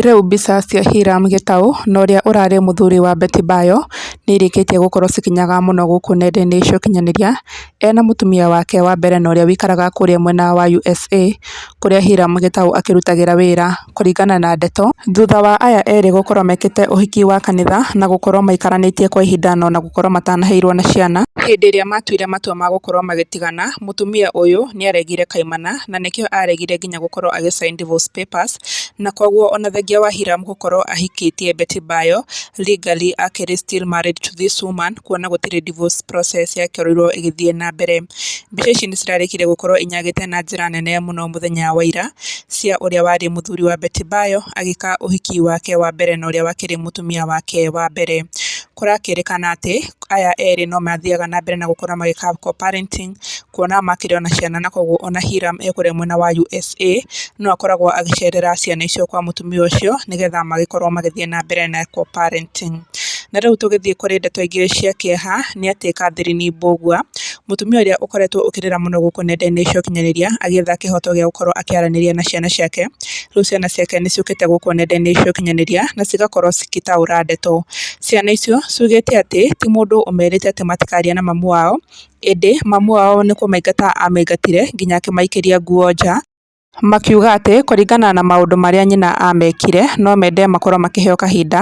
Rĩu mbica cia Hiram Gitau na ũrĩa ũrarĩ mũthuri wa Betty Bayo nĩirĩkĩtie gũkorwo cikinyaga mũno gũkũ nenda-inĩ cia ũkinyanĩria, ena mũtumia wake wa mbere na ũrĩa wĩikaraga kũrĩa mwena wa USA, kũrĩa Hiram Gitau akĩrutagĩra wĩra, kũringana na ndeto, thutha wa aya erĩ gũkorwo mekĩte ũhiki wa kanitha, na gũkorwo maikaranĩtie kwa ihinda na ona gũkorwo matanaheirwo na ciana, hĩndĩ ĩrĩa matuire matua ma gũkorwo magĩtigana, mũtumia ũyũ nĩaregire kaimana, na nĩkĩo aregire nginya gũkorwo agĩ sign divorce papers, na koguo ona thengia wa Hiram gũkorwo ahikĩtie Betty Bayo, legally akĩrĩ still married married to this woman kuona gũtirĩ divorce process yakorirwo igithie na mbere mbica ici nĩ cirarĩkire gũkorwo inyagite na njĩra nene muno muthenya wa ira cia ũrĩa warĩ muthuri wa Betty Bayo agĩka ũhiki wake wa mbere na ũrĩa wakĩrĩ mutumia wake wa mbere kũrakĩrĩkana atĩ aya eri no mathiaga na mbere na gukora magika co-parenting kuona makĩrĩ ona ciana na koguo ona Hiram ekũrĩa mwena wa USA no akoragwo agĩcerera ciana icio kwa mutumia ucio nigetha magĩkorwo magithie na mbere na co-parenting na rĩu tũgĩthiĩ kũrĩ ndeto ingĩ cia kĩeha nĩ atĩ Catherine Mbũgua, mũtumia ũrĩa ukoretwo ukirira muno gũkũ nenda-inĩ cia ũkinyanĩria agietha kihoto gĩa gũkorwo akiaraniria na ciana ciake, rĩu ciana ciake ni ciukite gũkũ nenda-inĩ cia ũkinyanĩria na cigakorwo cigĩtaũra ndeto. Ciana icio ciugĩte atĩ ti mũndũ ũmerĩte atĩ matikaria na mamu wao, ĩndĩ mamu wao nĩ kũmaingata amaingatire nginya akĩmaikĩria nguo nja. Makiuga atĩ kũringana na maũndũ marĩa nyina amekire no mende makorwo makĩheo kahinda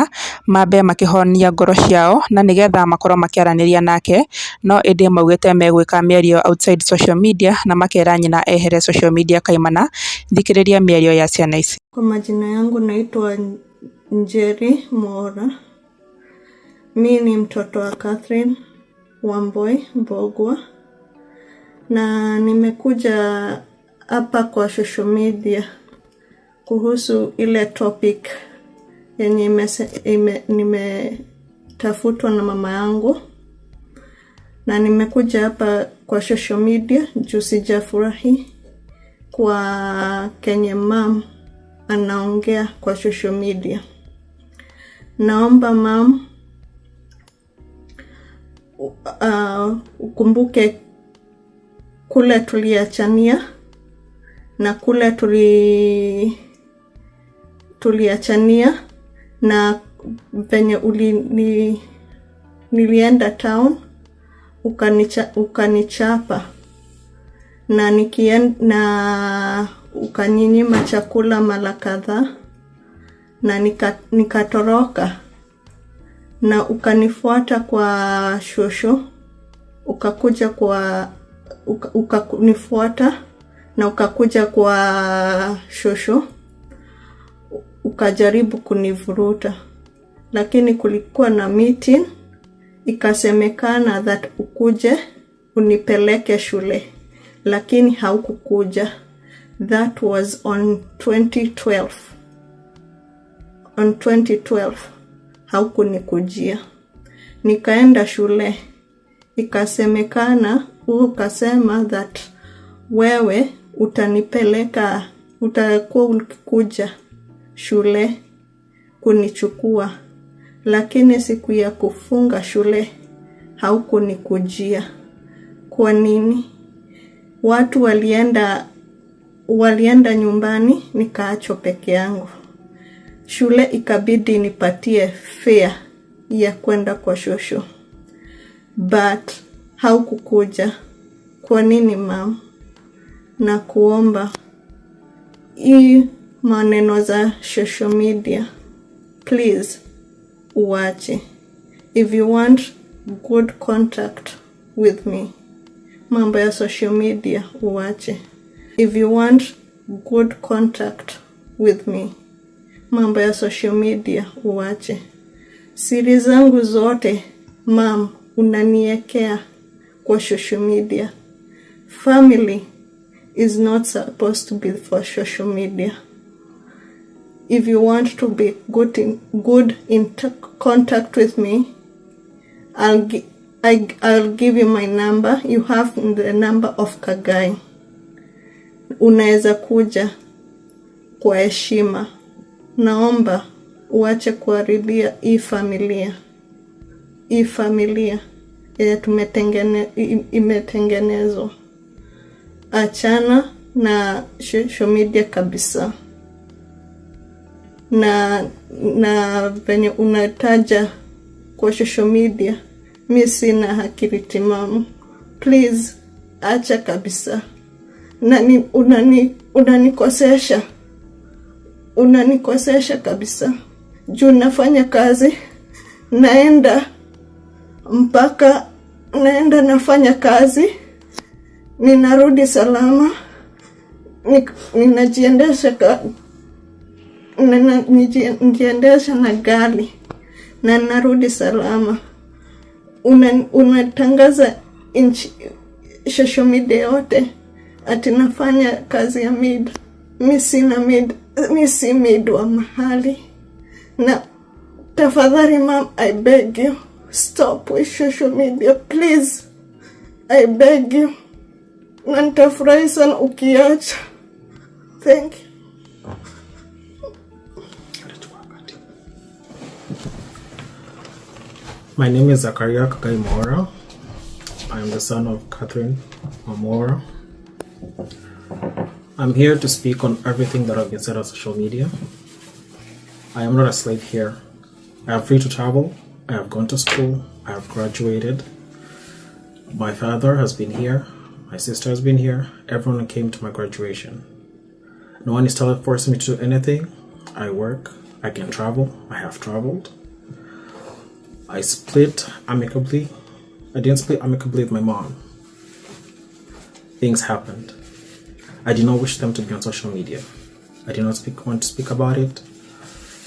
mambe makĩhonia ngoro ciao na nĩgetha makorwo makĩaranĩria nake, no ĩndĩ maugĩte megwĩka mĩario outside social media na makera nyina ehere social media kaimana. Thikĩrĩria mĩario ya ciana ici. Kwa majina yangu naitwa Njeri Mora. Mi ni mtoto wa Catherine Wamboi Mbogwa na nimekuja hapa kwa social media kuhusu ile topic yenye nimetafutwa na mama yangu, na nimekuja hapa kwa social media juu sijafurahi kwa kenye mam anaongea kwa social media. Naomba mam uh, ukumbuke kule tuliachania na kule tuli tuliachania na venye uli ni, nilienda town ukanicha, ukanichapa na nikien, na ukaninyima chakula mara kadhaa na nikatoroka na ukanifuata kwa shosho ukakuja kwa ukanifuata uka na ukakuja kwa shosho ukajaribu kunivuruta, lakini kulikuwa na meeting, ikasemekana that ukuje unipeleke shule, lakini haukukuja. That was on 2012. On 2012 haukunikujia, nikaenda shule, ikasemekana ukasema that wewe utanipeleka, utakuwa ukikuja shule kunichukua, lakini siku ya kufunga shule haukunikujia. Kwa nini? Watu walienda walienda nyumbani, nikaachwa peke yangu. Shule ikabidi nipatie fea ya kwenda kwa shosho, but haukukuja. Kwa nini mam? na kuomba hii maneno za social media please uache if you want good contact with me mambo ya social media uache if you want good contact with me mambo ya social media uache siri zangu zote mam unaniekea kwa social media family is not supposed to be for social media. If you want to be good in, good in t- contact with me, I'll, gi I, I'll give you my number. You have the number of Kagai. Unaeza kuja kwa heshima. Naomba uache kuharibia hii familia, hii familia yenye tumetengene, imetengenezwa achana na social media kabisa, na na venye unataja kwa social media, mi sina hakiri timamu. Please acha kabisa. Nani, unani unanikosesha, unanikosesha kabisa juu nafanya kazi, naenda mpaka naenda nafanya kazi ninarudi salama, ninajiendesha ninajiendesha na gari na narudi salama. Unatangaza una inchi social media yote ati nafanya kazi ya mid. Mi sina mid, mi si mid wa mahali na tafadhali, mam, I beg you stop with social media please, I beg you. and ukiacha. Thank you. My name is Zakaria Kakai Mora. I am the son of Catherine Mamora. I'm here to speak on everything that I've been said on social media. I am not a slave here. I am free to travel. I have gone to school. I have graduated. My father has been here. My sister has been here. Everyone came to my graduation. No one is telling forcing me to do anything. I work. I can travel. I have traveled. I split amicably. I didn't split amicably with my mom. Things happened. I did not wish them to be on social media. I did not speak, want to speak about it,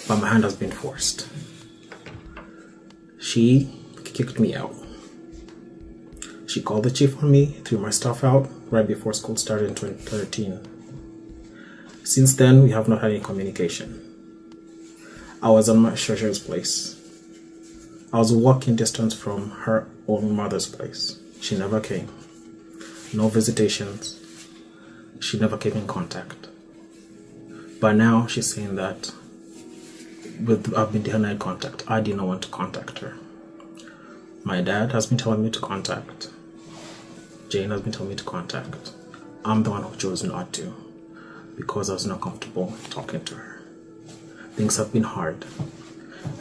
but my hand has been forced. She kicked me out. She called the chief on me, threw my stuff out right before school started in 2013. Since then, we have not had any communication. I was on my sister's place. I was walking distance from her own mother's place. She never came. No visitations. She never came in contact. But now she's saying that with I've been denied contact. I did not want to contact her. My dad has been telling me to contact. Jane has been telling me to contact. I'm the one who chose not to because I was not comfortable talking to her. Things have been hard,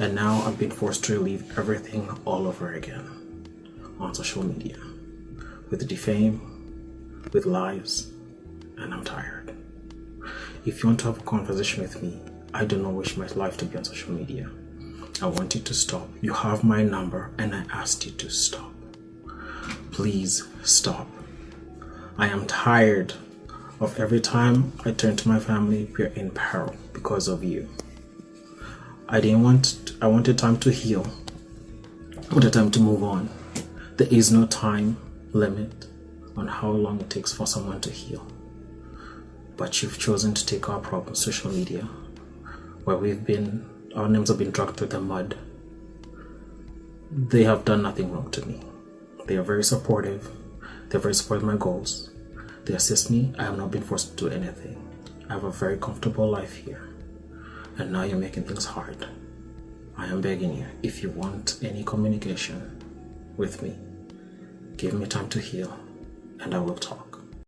and now I've been forced to relive everything all over again on social media with defame, with lies, and I'm tired. If you want to have a conversation with me, I do not wish my life to be on social media. I want you to stop. You have my number, and I asked you to stop. Please stop. I am tired of every time I turn to my family, we're in peril because of you. I didn't want, I wanted time to heal, I wanted time to move on. There is no time limit on how long it takes for someone to heal. But you've chosen to take our problem, social media, where we've been, our names have been dragged through the mud. They have done nothing wrong to me. They are very supportive. They're very supportive of my goals. They assist me. I have not been forced to do anything. I have a very comfortable life here. And now you're making things hard. I am begging you, if you want any communication with me, give me time to heal and I will talk.